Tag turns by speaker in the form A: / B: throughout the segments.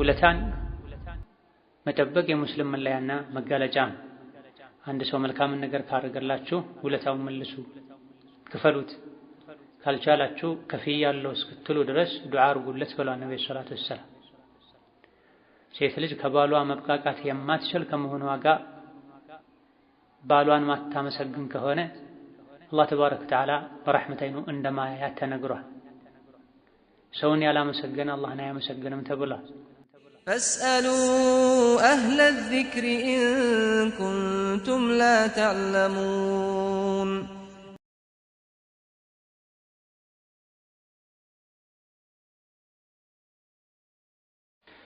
A: ውለታን መጠበቅ የሙስሊም መለያና መጋለጫ ነው። አንድ ሰው መልካምን ነገር ካደረገላችሁ ውለታውን መልሱ፣ ክፈሉት። ካልቻላችሁ ከፍያለሁ እስክትሉ ድረስ ዱዓ አድርጉለት ብሏል ነብዩ ሰለላሁ ዐለይሂ ሴት ልጅ ከባሏ መብቃቃት የማትችል ከመሆኗ ጋር ባሏን ማታመሰግን ከሆነ አላህ ተባረከ ወተዓላ በረሕመታይኑ እንደማያያት ተነግሯል። ሰውን ያላመሰገነ አላህን አያመሰግንም ተብሏል።
B: فاسألوا أهل الذكر إن كنتم لا تعلمون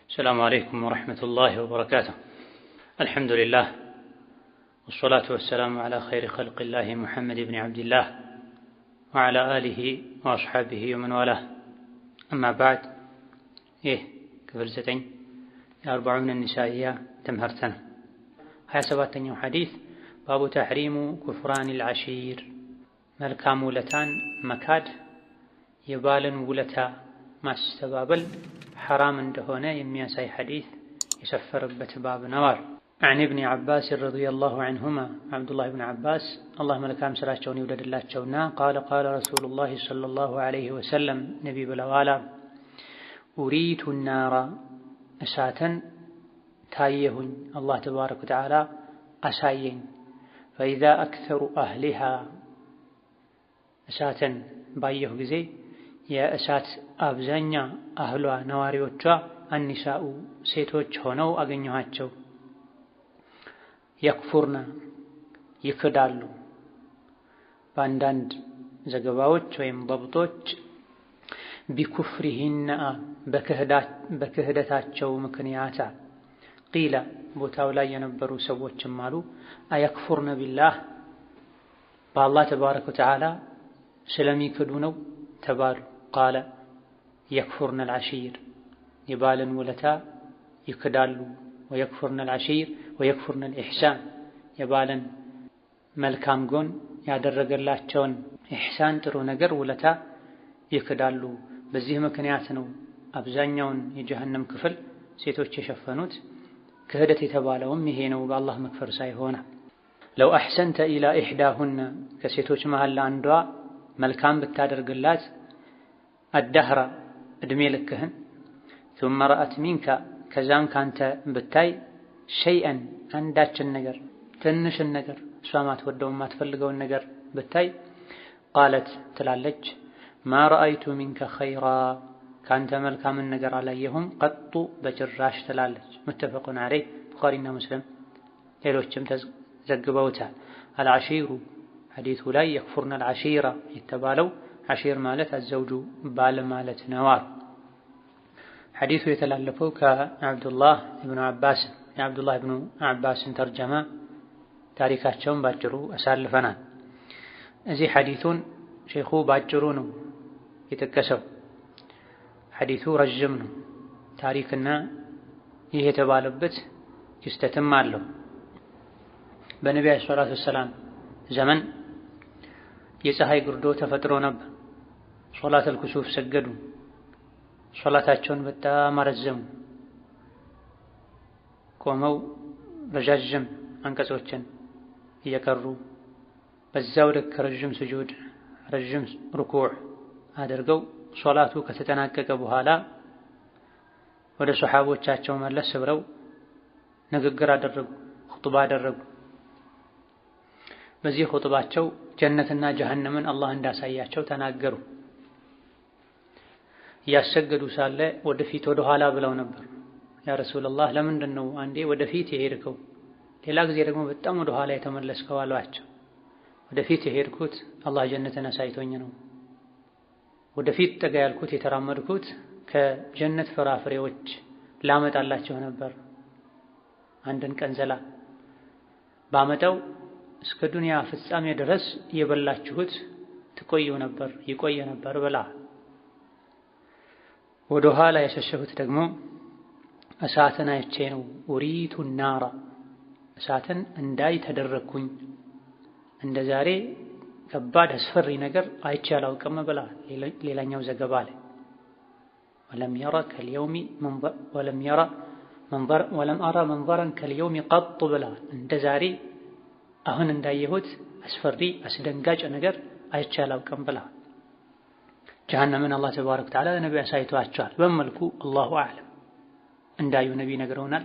A: السلام عليكم ورحمة الله وبركاته الحمد لله والصلاة والسلام على خير خلق الله محمد بن عبد الله وعلى آله وأصحابه ومن والاه أما بعد إيه كفر الأربعون النسائية تمهرتنا هيا سباتن حديث باب تحريم كفران العشير ملكام ولتان مكاد يبال ولتا ما استبابل حرام دهونا يميا ساي حديث يسفر باب نوار عن ابن عباس رضي الله عنهما عبد الله بن عباس الله ملك أم سلاة شوني ولد الله شونا قال قال رسول الله صلى الله عليه وسلم نبي بلغالا أريت النار እሳትን ታየሁኝ አላህ ተባረከ ወተዓላ አሳየኝ። ፈኢዛ አክሰሩ አህሊሃ እሳትን ባየሁ ጊዜ የእሳት አብዛኛ አህሏ ነዋሪዎቿ አኒሳኡ ሴቶች ሆነው አገኘኋቸው። የክፉርና ይክዳሉ። በአንዳንድ ዘገባዎች ወይም ضبጦች ቢኩፍሪሂና በክህደታቸው ምክንያት ቂለ ቦታው ላይ የነበሩ ሰዎችም አሉ አያክፉርነ ቢላህ በአላህ ተባረከ ወተዓላ ስለሚክዱ ነው ተባሉ። ቃለ የክፉርነ አልዓሺር የባልን ውለታ ይክዳሉ። ወየክፉርነ አልዓሺር ወየክፉርነ አልኢሕሳን የባልን መልካም ጎን ያደረገላቸውን ኢሕሳን ጥሩ ነገር ውለታ ይክዳሉ። በዚህ ምክንያት ነው አብዛኛውን የጀሀነም ክፍል ሴቶች የሸፈኑት። ክህደት የተባለውም ይሄ ነው፣ በአላህ መክፈር ሳይሆን ለው አሕሰንተ ኢላ ኢሕዳሁና ከሴቶች መሃል ለአንዷ መልካም ብታደርግላት አዳህራ እድሜ ልክህን ቱመ ረአት ሚንካ ከዛም ካንተ ብታይ ሸይአን አንዳችን ነገር ትንሽን ነገር እሷ ማትወደውን ማትፈልገውን ነገር ብታይ ቃለት ትላለች ما رأيت منك خيرا كانت ملكا من نجر عليهم قط بجراش تلالج متفق عليه بخارينا مسلم ሌሎችም ዘግበውታል አልዓሺሩ ሐዲቱ ላይ የክፉርና አልዓሺራ የተባለው አሺር ማለት አዘውጁ ባል ማለት ነው አሉ ሐዲሱ የተላለፈው ከአብዱላህ እብኑ አባስ የአብዱላህ እብኑ አባስን ተርጀማ ታሪካቸውን ባጭሩ አሳልፈናል እዚህ ሐዲቱን ሼኹ ባጭሩ ነው የጠቀሰው። ሐዲቱ ረዥም ነው። ታሪክና ይህ የተባለበት ክስተትም አለው። በነቢዩ ዓለይሂ ሰላቱ ወሰላም ዘመን የፀሐይ ጉርዶ ተፈጥሮ ነበር። ሶላት አልኩሱፍ ሰገዱ። ሶላታቸውን በጣም አረዘሙ። ቆመው ረዣዥም አንቀጾችን እየቀሩ በዛው ልክ ረዥም ስጁድ፣ ረዥም ርኩዕ አድርገው ሶላቱ ከተጠናቀቀ በኋላ ወደ ሶሓቦቻቸው መለስ ብለው ንግግር አደረጉ፣ ኹጥባ አደረጉ። በዚህ ኹጥባቸው ጀነትና ጀሀነምን አላህ እንዳሳያቸው ተናገሩ። እያሰገዱ ሳለ ወደፊት ወደ ኋላ ብለው ነበር። ያ ረሱላላህ ለምንድን ነው አንዴ ወደፊት የሄድከው ሌላ ጊዜ ደግሞ በጣም ወደ ኋላ የተመለስከው? አሏቸው። ወደፊት የሄድኩት አላህ ጀነትን አሳይቶኝ ነው ወደፊት ጠጋ ያልኩት የተራመድኩት ከጀነት ፍራፍሬዎች ላመጣላቸው ነበር። አንድን ቀንዘላ ባመጣው እስከ ዱንያ ፍጻሜ ድረስ እየበላችሁት ትቆዩ ነበር ይቆየ ነበር ብላ ወደ ኋላ የሸሸሁት ደግሞ እሳትን አይቼ ነው። ኡሪቱ ናራ እሳትን እንዳይ ተደረግኩኝ እንደ ዛሬ ከባድ አስፈሪ ነገር አይቼ አላውቅም ብላ ሌላኛው ዘገባ ላይ ወለም የራ ከልየውሚ ወለም የራ ወለም አራ መንበረን ከልየውሚ ቀጡ ብላ እንደ ዛሬ አሁን እንዳየሁት አስፈሪ አስደንጋጭ ነገር አይቼ አላውቅም ብላ ጀሃነምን አላህ ተባረከ ወተዓላ ነቢ አሳይቷቸዋል። በመልኩ አላሁ አዕለም እንዳዩ ነቢ ነግረውናል።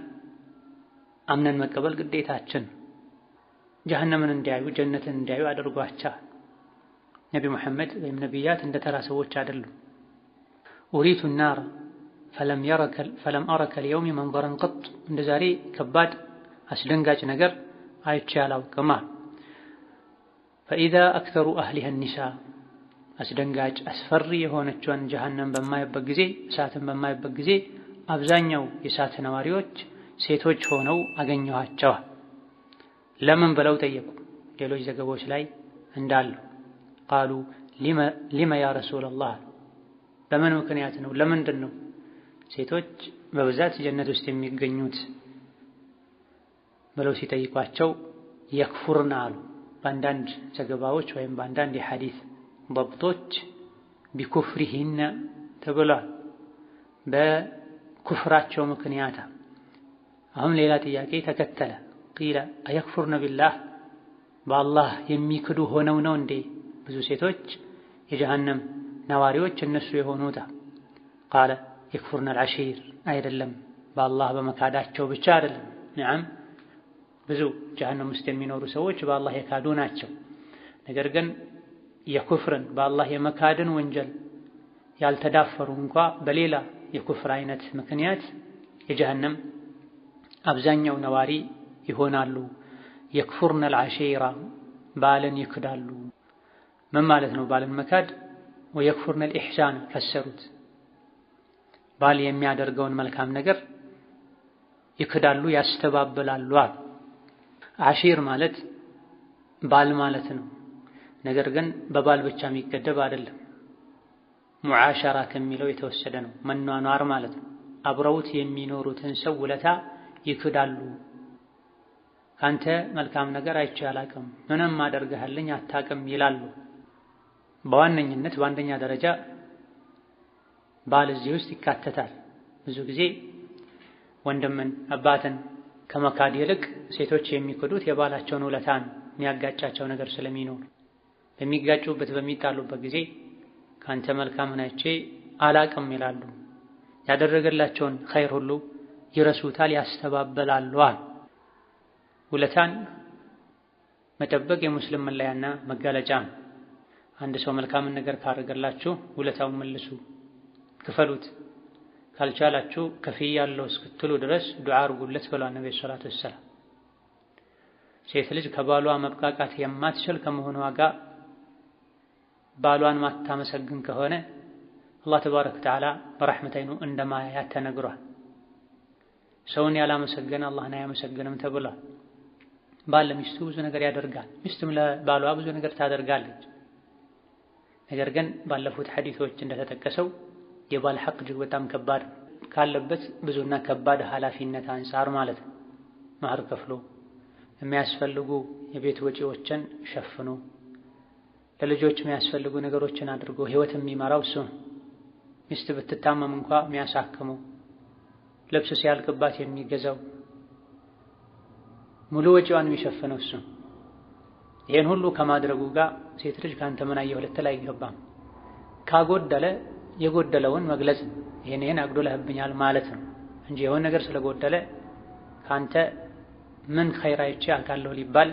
A: አምነን መቀበል ግዴታችን። ጀሃነምን እንዲያዩ ጀነትን እንዲያዩ አድርጓቸዋል። ነቢ መሐመድ ወይም ነቢያት እንደ ተራ ሰዎች አይደሉም። ኡሪቱ ናር ፈለም አረከ ልየውሚ መንበረን ቀጥ እንደ ዛሬ ከባድ አስደንጋጭ ነገር አይቼ አላውቅም። ፈኢዛ አክተሩ አህሊሃ ኒሳ አስደንጋጭ አስፈሪ የሆነችውን ጀሃነም በማይበት ጊዜ እሳትን በማይበት ጊዜ አብዛኛው የእሳት ነዋሪዎች ሴቶች ሆነው አገኘኋቸዋል። ለምን ብለው ጠየቁ። ሌሎች ዘገባዎች ላይ እንዳሉ ቃሉ ሊመ ያ ረሱለላህ በምን ምክንያት ነው? ለምንድን ነው ሴቶች በብዛት ጀነት ውስጥ የሚገኙት ብለው ሲጠይቋቸው የክፉርና አሉ። በአንዳንድ ዘገባዎች ወይም በአንዳንድ የሐዲስ ضبጦች ቢኩፍሪሂነ ተብሏል። በኩፍራቸው ምክንያት አሁን ሌላ ጥያቄ ተከተለ። ቂለ አየክፉርነ ቢላህ በአላህ የሚክዱ ሆነው ነው እንዴ ብዙ ሴቶች የጀሃነም ነዋሪዎች እነሱ የሆኑታ ቃለ የክፉርነል አሺር አይደለም በአላህ በመካዳቸው ብቻ አይደለም። ኒዓም ብዙ ጀሃነም ውስጥ የሚኖሩ ሰዎች በአላህ የካዱ ናቸው። ነገር ግን የኩፍርን በአላህ የመካድን ወንጀል ያልተዳፈሩ እንኳ በሌላ የኩፍር አይነት ምክንያት የጀሃነም አብዛኛው ነዋሪ ይሆናሉ። የክፉርነል አሺራ ባልን ይክዳሉ። ምን ማለት ነው? ባልን መካድ ወየክፉርነ ልኢሕሳን ፈሰሩት። ባል የሚያደርገውን መልካም ነገር ይክዳሉ፣ ያስተባብላሉ። አሺር ማለት ባል ማለት ነው። ነገር ግን በባል ብቻ የሚገደብ አይደለም። ሙዓሸራ ከሚለው የተወሰደ ነው። መኗኗር ማለት ነው። አብረውት የሚኖሩትን ሰው ውለታ ይክዳሉ። ካንተ መልካም ነገር አይቼ አላቅም፣ ምንም አደርግህልኝ አታቅም ይላሉ። በዋነኝነት በአንደኛ ደረጃ ባል እዚህ ውስጥ ይካተታል። ብዙ ጊዜ ወንድምን አባትን ከመካድ ይልቅ ሴቶች የሚክዱት የባላቸውን ውለታን የሚያጋጫቸው ነገር ስለሚኖር በሚጋጩበት በሚጣሉበት ጊዜ ከአንተ መልካምን አይቼ አላቅም ይላሉ። ያደረገላቸውን ኸይር ሁሉ ይረሱታል፣ ያስተባበላሉ። ውለታን መጠበቅ የሙስሊም መለያና መጋለጫ ነው። አንድ ሰው መልካምን ነገር ካደረገላችሁ ውለታውን መልሱ፣ ክፈሉት። ካልቻላችሁ ከፊ ያለው እስክትሉ ድረስ ዱዓ አርጉለት ብሏል ነብዩ ሰለላሁ ዐለይሂ ሴት ልጅ ከባሏ መብቃቃት የማትችል ከመሆኗ ጋር ባሏን ማታመሰግን ከሆነ አላህ ተባረከ ወተዓላ በረሕመታይኑ እንደማያያት ተነግሯል። ሰውን ያላመሰገነ አላህን አያመሰግንም ተብሏል። ባል ለሚስቱ ብዙ ነገር ያደርጋል፣ ሚስትም ለባሏ ብዙ ነገር ታደርጋለች። ነገር ግን ባለፉት ሐዲሶች እንደተጠቀሰው የባል ሐቅ እጅግ በጣም ከባድ ካለበት ብዙና ከባድ ኃላፊነት አንጻር ማለት ነው። መህር ከፍሎ የሚያስፈልጉ የቤት ወጪዎችን ሸፍኖ ለልጆች የሚያስፈልጉ ነገሮችን አድርጎ ህይወት የሚመራው እሱ ነው። ሚስት ብትታመም እንኳ የሚያሳክሙ ልብስ ሲያልቅባት የሚገዛው፣ ሙሉ ወጪዋን የሚሸፍነው እሱ ይህን ሁሉ ከማድረጉ ጋር ሴት ልጅ ከአንተ ምን አየሁ ልትል አይገባም። ካጎደለ የጎደለውን መግለጽ ይህን ይሄን ይሄን አጉድለህብኛል ማለት ነው እንጂ የሆነ ነገር ስለጎደለ ከአንተ ምን ኸይር አይቼ አውቃለሁ ሊባል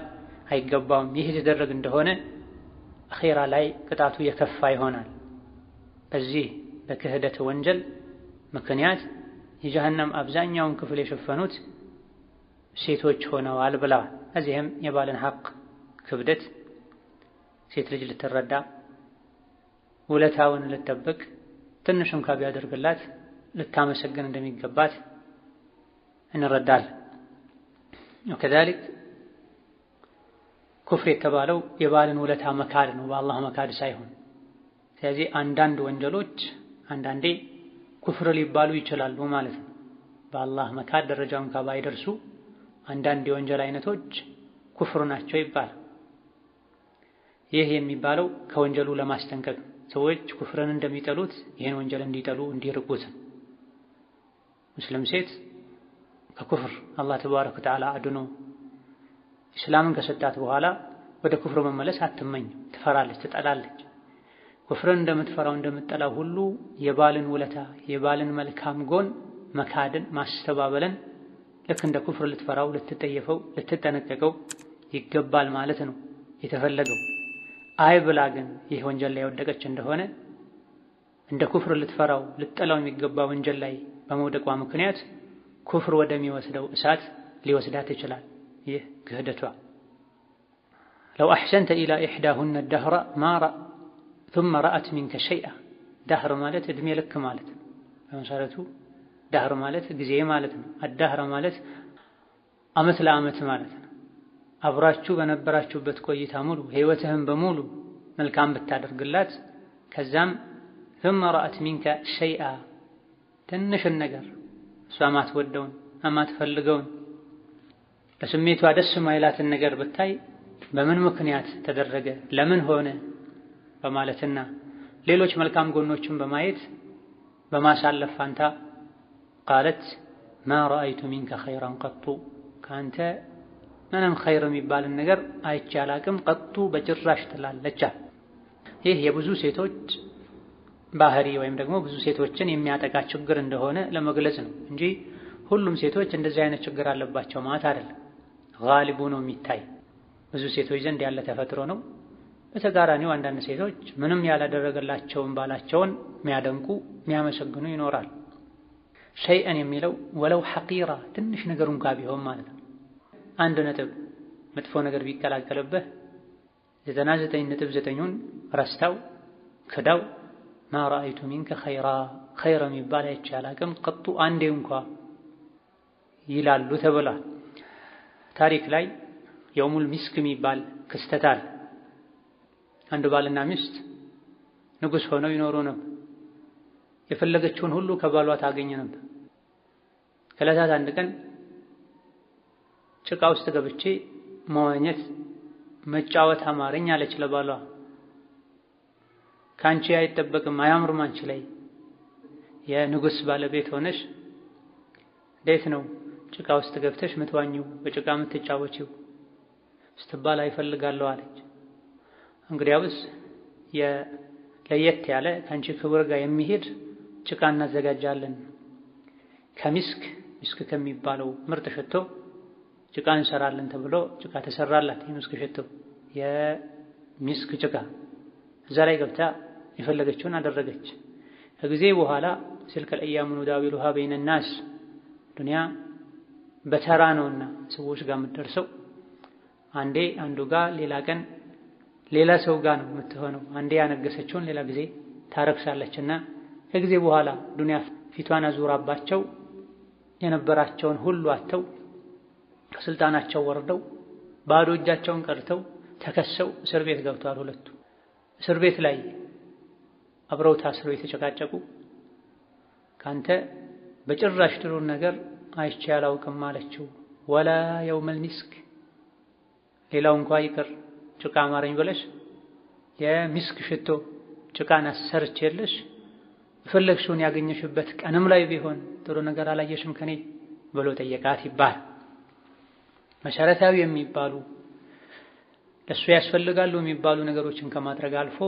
A: አይገባውም። ይህ የተደረግ እንደሆነ አኼራ ላይ ቅጣቱ የከፋ ይሆናል። በዚህ በክህደት ወንጀል ምክንያት የጀሀነም አብዛኛውን ክፍል የሸፈኑት ሴቶች ሆነዋል ብለዋል። እዚህም የባልን ሐቅ ክብደት ሴት ልጅ ልትረዳ ውለታውን ልትጠብቅ ትንሹን እንኳ ቢያደርግላት ልታመሰግን እንደሚገባት እንረዳል። ከዛሊክ ኩፍር የተባለው የባልን ውለታ መካድ ነው፣ በአላህ መካድ ሳይሆን። ስለዚህ አንዳንድ ወንጀሎች አንዳንዴ ኩፍር ሊባሉ ይችላሉ ማለት ነው። በአላህ መካድ ደረጃውን ከባይደርሱ አንዳንድ የወንጀል አይነቶች ኩፍር ናቸው ይባላል። ይህ የሚባለው ከወንጀሉ ለማስጠንቀቅ ሰዎች ኩፍርን እንደሚጠሉት ይህን ወንጀል እንዲጠሉ እንዲርቁት። ሙስሊም ሴት ከኩፍር አላህ ተባረከ ወተዓላ አድኖ እስላምን ከሰጣት በኋላ ወደ ኩፍር መመለስ አትመኝ ትፈራለች፣ ትጠላለች። ኩፍርን እንደምትፈራው እንደምትጠላው ሁሉ የባልን ውለታ የባልን መልካም ጎን መካድን ማስተባበልን ልክ እንደ ኩፍር ልትፈራው፣ ልትጠየፈው፣ ልትጠነቀቀው ይገባል ማለት ነው የተፈለገው። አይ ብላ ግን ይህ ወንጀል ላይ የወደቀች እንደሆነ እንደ ኩፍር ልትፈራው ልትጠላው የሚገባ ወንጀል ላይ በመውደቋ ምክንያት ኩፍር ወደሚወስደው እሳት ሊወስዳት ይችላል። ይህ ክህደቷ ለው አሕሰንተ ኢላ ኢሕዳሁነ ዳህረ ማራ ቱመ ረአት ሚንከ ሸይአ ዳህር ማለት እድሜ ልክ ማለት በመሰረቱ ዳህር ማለት ጊዜ ማለት ነው። አዳህረ ማለት አመት ለአመት ማለት ነው። አብራችሁ በነበራችሁበት ቆይታ ሙሉ ህይወትህን በሙሉ መልካም ብታደርግላት ከዛም ثم رأت منك شيئا ትንሽን ነገር እሷ ማትወደውን ማትፈልገውን በስሜቷ ደስ ማይላትን ነገር ብታይ በምን ምክንያት ተደረገ ለምን ሆነ በማለትና ሌሎች መልካም ጎኖችን በማየት በማሳለፍ ፋንታ ቃለት ማ ረአይቱ ሚንከ ኸይራን ቀጡ ከአንተ ምንም ኸይር የሚባልን ነገር አይቼ አላቅም ቀጡ በጭራሽ ትላለች። ይህ የብዙ ሴቶች ባህሪ ወይም ደግሞ ብዙ ሴቶችን የሚያጠቃ ችግር እንደሆነ ለመግለጽ ነው እንጂ ሁሉም ሴቶች እንደዚህ አይነት ችግር አለባቸው ማለት አይደለም። ጋሊቡ ነው የሚታይ ብዙ ሴቶች ዘንድ ያለ ተፈጥሮ ነው። በተቃራኒው አንዳንድ ሴቶች ምንም ያላደረገላቸውን ባላቸውን የሚያደንቁ የሚያመሰግኑ ይኖራል። ሸይአን የሚለው ወለው ሐቂራ ትንሽ ነገር እንኳ ቢሆን ማለት ነው አንድ ነጥብ መጥፎ ነገር ቢቀላቀልብህ ዘጠና ዘጠኝ ነጥብ ዘጠኙን ረስታው ክዳው ማራይቱ ሚንከ ኸይራ ኸይረ የሚባል አይቼ ቀጡ አንዴ እንኳ ይላሉ ተብሏል። ታሪክ ላይ የውሙል ሚስክ የሚባል ክስተት አለ። አንድ ባልና ሚስት ንጉሥ ሆነው ይኖሩ ነበር። የፈለገችውን ሁሉ ከባሏ ታገኘ ነበር። ከዕለታት አንድ ቀን ጭቃ ውስጥ ገብቼ መዋኘት መጫወት አማረኝ አለች ለባሏ። ከአንቺ አይጠበቅም አያምርም አንቺ ላይ የንጉስ ባለቤት ሆነሽ እንዴት ነው ጭቃ ውስጥ ገብተሽ ምትዋኚው በጭቃ ምትጫወቺው ስትባል አይፈልጋለሁ አለች። እንግዲያውስ ለየት ያለ ከአንቺ ክብር ጋር የሚሄድ ጭቃ እናዘጋጃለን ከሚስክ ሚስክ ከሚባለው ምርጥ ሽቶ ጭቃ እንሰራለን ተብሎ ጭቃ ተሰራላት። የሚስክ ሽቶ የሚስክ ጭቃ እዛ ላይ ገብታ የፈለገችውን አደረገች። ከጊዜ በኋላ ሲልከል አያሙን ዳዊሉሃ በይነ ናስ ዱንያ በተራ ነውና ሰዎች ጋር የምትደርሰው አንዴ አንዱ ጋር ሌላ ቀን ሌላ ሰው ጋር ነው የምትሆነው። አንዴ ያነገሰችውን ሌላ ጊዜ ታረክሳለችና ከጊዜ በኋላ ዱንያ ፊቷን አዙራባቸው የነበራቸውን ሁሉ አተው ከስልጣናቸው ወርደው ባዶ እጃቸውን ቀርተው ተከሰው እስር ቤት ገብተዋል። ሁለቱ እስር ቤት ላይ አብረው ታስረው የተጨቃጨቁ ካንተ በጭራሽ ጥሩን ነገር አይቼ አላውቅም አለችው። ወላ የውመል ሚስክ ሌላው እንኳ ይቅር ጭቃ አማረኝ ብለሽ የሚስክ ሽቶ ጭቃን አሰርች የለሽ የፈለግሽውን ያገኘሽበት ቀንም ላይ ቢሆን ጥሩ ነገር አላየሽም ከኔ ብሎ ጠየቃት ይባል። መሰረታዊ የሚባሉ ለእሱ ያስፈልጋሉ የሚባሉ ነገሮችን ከማድረግ አልፎ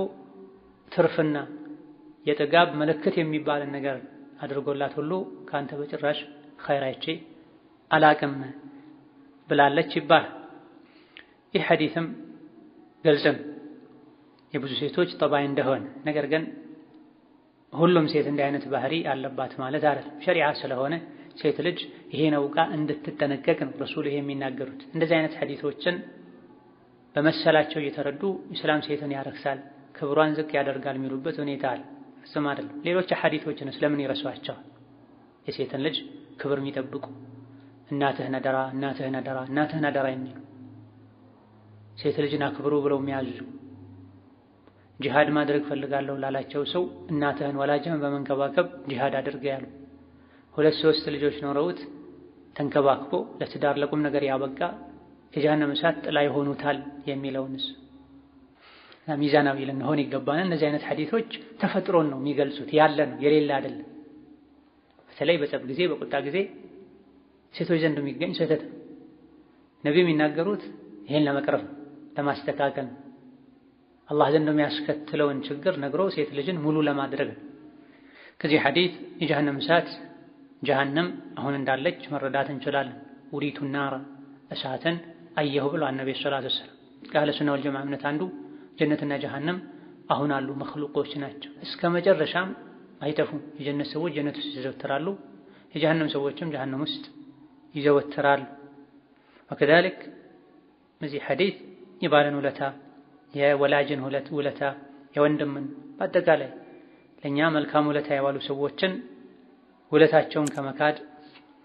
A: ትርፍና የጥጋብ ምልክት የሚባልን ነገር አድርጎላት ሁሉ ከአንተ በጭራሽ ኸይር አይቼ አላቅም ብላለች ይባል። ይህ ሐዲስም ገልጽም የብዙ ሴቶች ጠባይ እንደሆነ ነገር ግን ሁሉም ሴት እንዲህ አይነት ባህሪ አለባት ማለት አይደለም። ሸሪዓ ስለሆነ ሴት ልጅ ነው ቃ እንድትጠነቀቅ ነው ረሱል ይሄ የሚናገሩት። እንደዚህ አይነት ሐዲሶችን በመሰላቸው እየተረዱ ኢስላም ሴትን ያረክሳል፣ ክብሯን ዝቅ ያደርጋል የሚሉበት ሁኔታ አለ። እሱም አይደለም። ሌሎች ሐዲሶችንስ ለምን ይረሷቸዋል? የሴትን ልጅ ክብር የሚጠብቁ እናትህ ነደራ፣ እናትህ ነደራ፣ እናትህ ነደራ የሚሉ ሴት ልጅን አክብሩ ብለው የሚያዙ ጂሃድ ማድረግ ፈልጋለሁ ላላቸው ሰው እናትህን ወላጅህን በመንከባከብ ጂሃድ አድርገ ያሉ ሁለት ሶስት ልጆች ኖረውት ተንከባክቦ ለትዳር ለቁም ነገር ያበቃ የጀሃነም እሳት ጥላ ይሆኑታል የሚለውንስ ሚዛናዊ ልንሆን ይገባና እነዚህ አይነት ሐዲሶች ተፈጥሮን ነው የሚገልጹት፣ ያለ ነው የሌለ አይደለም። በተለይ በጸብ ጊዜ በቁጣ ጊዜ ሴቶች ዘንድ የሚገኝ ስህተት ነው። ነቢዩ የሚናገሩት ይሄን ለመቅረፍ ለማስተካከል ነው። አላህ ዘንድ የሚያስከትለውን ችግር ነግሮ ሴት ልጅን ሙሉ ለማድረግ ነው። ከዚህ ሐዲስ የጀሃነም እሳት ጀሃነም አሁን እንዳለች መረዳት እንችላለን። ውሪቱ ናር እሳትን አየሁ ብሏል ነቢ ሰላቱ ወሰላም። ከአህለ ሱና ወልጀማዓ እምነት አንዱ ጀነትና ጀሃነም አሁን አሉ መክሉቆች ናቸው። እስከ መጨረሻም አይጠፉም። የጀነት ሰዎች ጀነት ውስጥ ይዘወትራሉ፣ የጀሃነም ሰዎችም ጀሃነም ውስጥ ይዘወትራሉ። ወከዛሊክ በዚህ ሐዲስ የባለን ውለታ የወላጅን ውለታ የወንድምን በአጠቃላይ ለእኛ መልካም ውለታ የባሉ ሰዎችን ውለታቸውን ከመካድ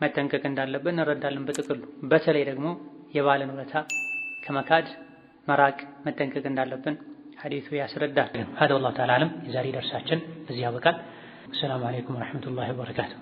A: መጠንቀቅ እንዳለብን እንረዳለን። በጥቅሉ በተለይ ደግሞ የባለን ውለታ ከመካድ መራቅ መጠንቀቅ እንዳለብን ሐዲሱ ያስረዳል። ሀደ ወላሁ ተዓላ አለም። የዛሬ ደርሳችን እዚህ ያበቃል። አሰላሙ አለይኩም ወረሕመቱላሂ ወበረካቱ።